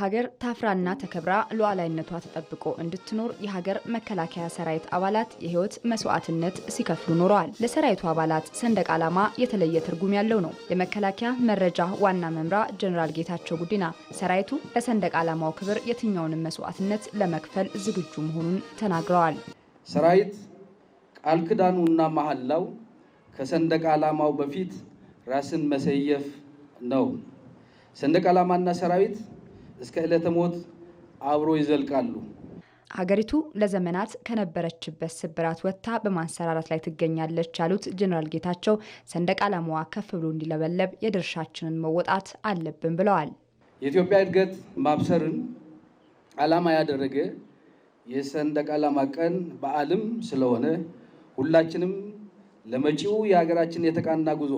ሀገር ታፍራና ተከብራ ሉዓላዊነቷ ተጠብቆ እንድትኖር የሀገር መከላከያ ሰራዊት አባላት የህይወት መስዋዕትነት ሲከፍሉ ኖረዋል። ለሰራዊቱ አባላት ሰንደቅ ዓላማ የተለየ ትርጉም ያለው ነው። የመከላከያ መረጃ ዋና መምራ ጀኔራል ጌታቸው ጉዲና ሰራዊቱ ለሰንደቅ ዓላማው ክብር የትኛውንም መስዋዕትነት ለመክፈል ዝግጁ መሆኑን ተናግረዋል። ሰራዊት ቃል ክዳኑና መሐላው ከሰንደቅ ዓላማው በፊት ራስን መሰየፍ ነው። ሰንደቅ ዓላማና ሰራዊት እስከ ዕለተ ሞት አብሮ ይዘልቃሉ። ሀገሪቱ ለዘመናት ከነበረችበት ስብራት ወጥታ በማንሰራራት ላይ ትገኛለች ያሉት ጀኔራል ጌታቸው ሰንደቅ ዓላማዋ ከፍ ብሎ እንዲለበለብ የድርሻችንን መወጣት አለብን ብለዋል። የኢትዮጵያ እድገት ማብሰርን ዓላማ ያደረገ የሰንደቅ ዓላማ ቀን በዓልም ስለሆነ ሁላችንም ለመጪው የሀገራችን የተቃና ጉዞ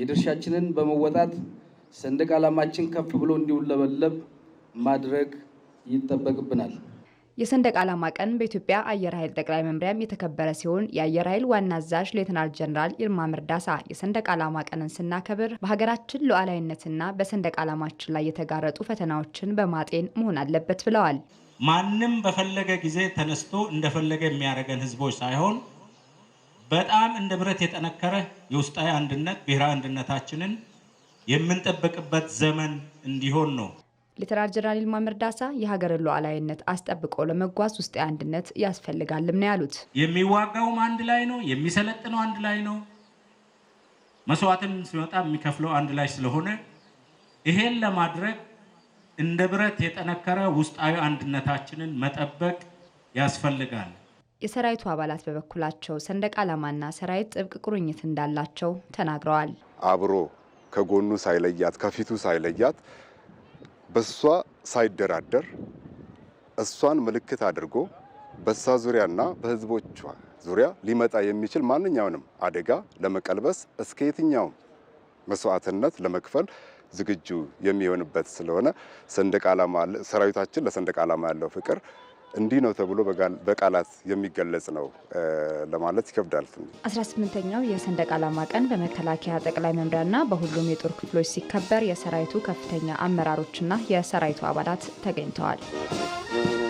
የድርሻችንን በመወጣት ሰንደቅ ዓላማችን ከፍ ብሎ እንዲውለበለብ ማድረግ ይጠበቅብናል። የሰንደቅ ዓላማ ቀን በኢትዮጵያ አየር ኃይል ጠቅላይ መምሪያም የተከበረ ሲሆን የአየር ኃይል ዋና አዛዥ ሌትናል ጀኔራል ይልማ ምርዳሳ የሰንደቅ ዓላማ ቀንን ስናከብር በሀገራችን ሉዓላዊነትና በሰንደቅ ዓላማችን ላይ የተጋረጡ ፈተናዎችን በማጤን መሆን አለበት ብለዋል። ማንም በፈለገ ጊዜ ተነስቶ እንደፈለገ የሚያደርገን ህዝቦች ሳይሆን በጣም እንደ ብረት የጠነከረ የውስጣዊ አንድነት ብሔራዊ አንድነታችንን የምንጠበቅበት ዘመን እንዲሆን ነው። ሌተናል ጀነራል ይልማ መርዳሳ የሀገር ሉዓላዊነት አስጠብቆ ለመጓዝ ውስጥ አንድነት ያስፈልጋልም ነው ያሉት። የሚዋጋውም አንድ ላይ ነው፣ የሚሰለጥነው አንድ ላይ ነው፣ መስዋዕትም ሲወጣ የሚከፍለው አንድ ላይ ስለሆነ ይሄን ለማድረግ እንደ ብረት የጠነከረ ውስጣዊ አንድነታችንን መጠበቅ ያስፈልጋል። የሰራዊቱ አባላት በበኩላቸው ሰንደቅ ዓላማና ሰራዊት ጥብቅ ቁርኝት እንዳላቸው ተናግረዋል። አብሮ ከጎኑ ሳይለያት ከፊቱ ሳይለያት በሷ ሳይደራደር እሷን ምልክት አድርጎ በሷ ዙሪያና በህዝቦቿ ዙሪያ ሊመጣ የሚችል ማንኛውንም አደጋ ለመቀልበስ እስከ የትኛውም መስዋዕትነት ለመክፈል ዝግጁ የሚሆንበት ስለሆነ ሰንደቅ ዓላማ ሰራዊታችን ለሰንደቅ ዓላማ ያለው ፍቅር እንዲህ ነው ተብሎ በቃላት የሚገለጽ ነው ለማለት ይከብዳል። 18ኛው የሰንደቅ ዓላማ ቀን በመከላከያ ጠቅላይ መምሪያና በሁሉም የጦር ክፍሎች ሲከበር የሰራዊቱ ከፍተኛ አመራሮችና የሰራዊቱ አባላት ተገኝተዋል።